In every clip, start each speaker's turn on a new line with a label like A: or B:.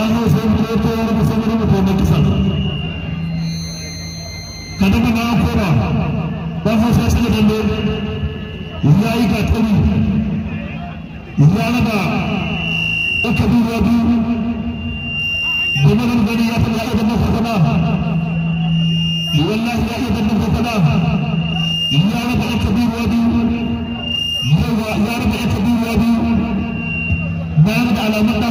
A: على مدى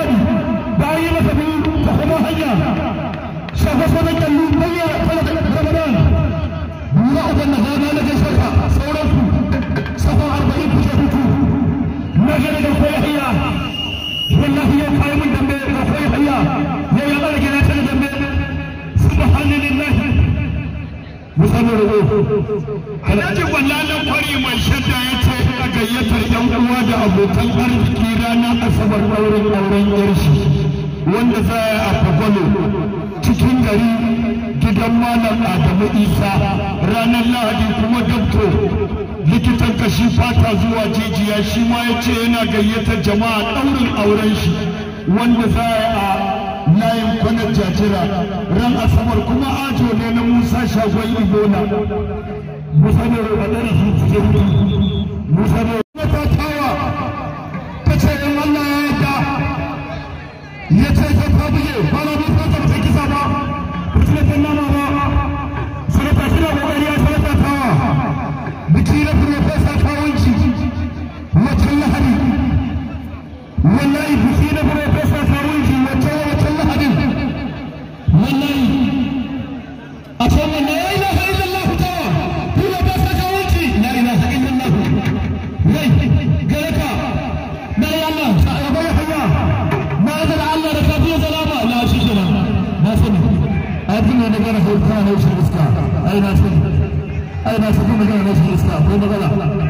A: الجهاد بعيرة وحما حيا شخصنا كلو بيا خلق رمضان بوراء بالنهار لك شكا صورة صفا أربعين بشكوكو نجل جفوية حيا والله يوم قائم دمبي جفوية حيا يا يا ملك لا تنجم سبحان لله musamman rubo alhaji wallalan kwari mai shadda ya ce a gayyatar yan uwa da abokan arziki ranar asabar ɗaurin auren yarshi wanda za a yi a fagwalo cikin gari gidan malam adamu isa ranar lahadi kuma dabto likitan kashi fata zuwa jijiya shi ma ya ce yana gayyatar jama'a ɗaurin auren shi wanda za a layin kwanar jajira ran asabar kuma ajo ne na musa shagon ibona musa ne su magana ko magana rashin iska ai na san ai na san magana ko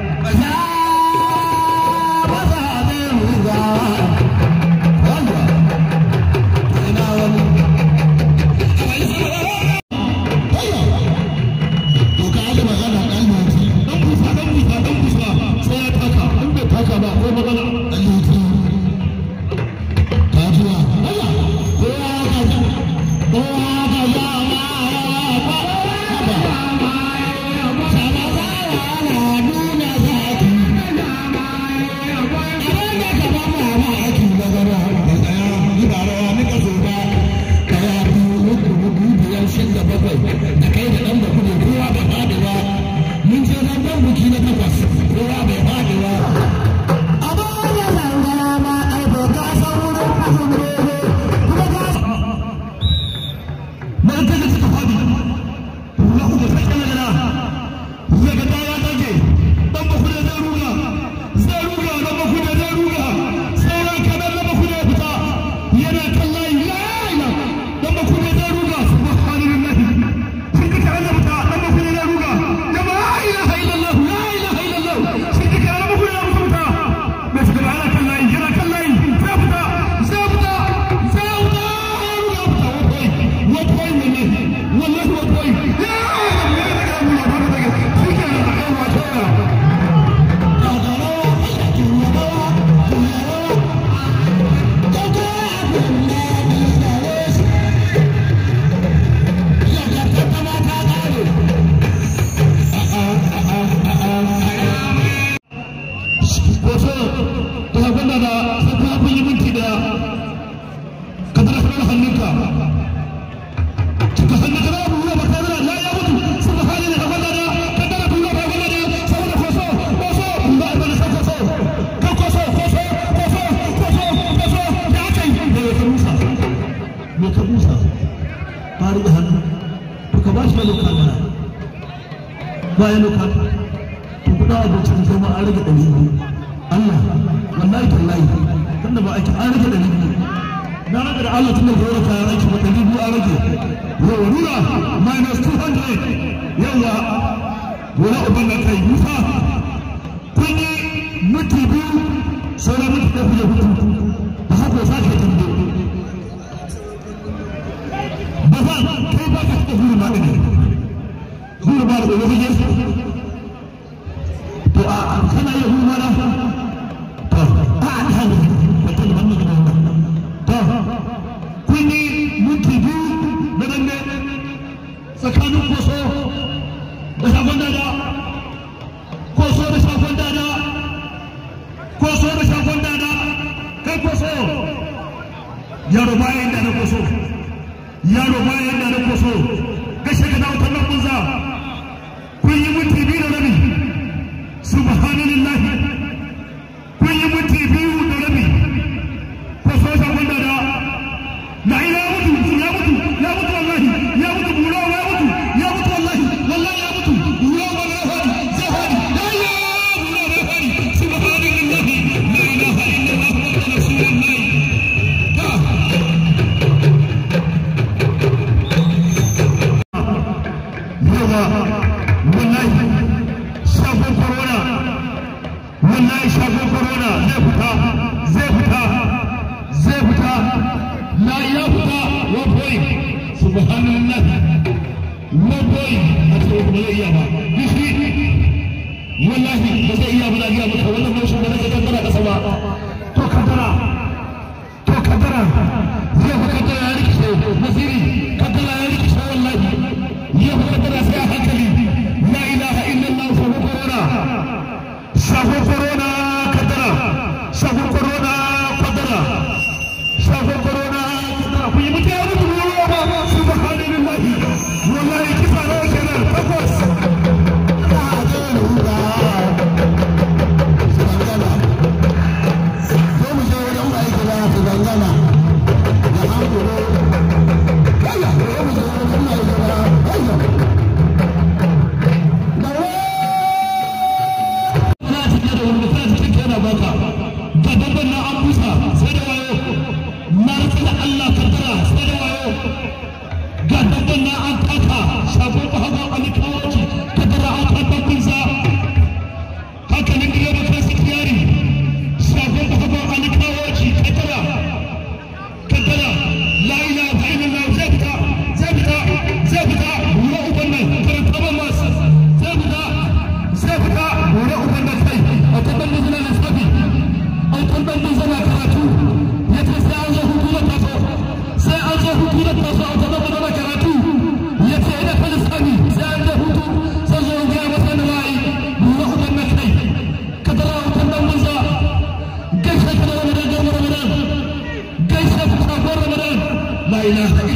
A: Allah tun da gora ta rage ba dari biyu a rage rura minus 200 yawa gora uban nan Kufu. abdullahi shago corona zai fita zai fita zai fita la ya fita wa boy subhanallah wa boy a ce ba zai iya ba dishi wallahi ba zai Gracias لا إله إلا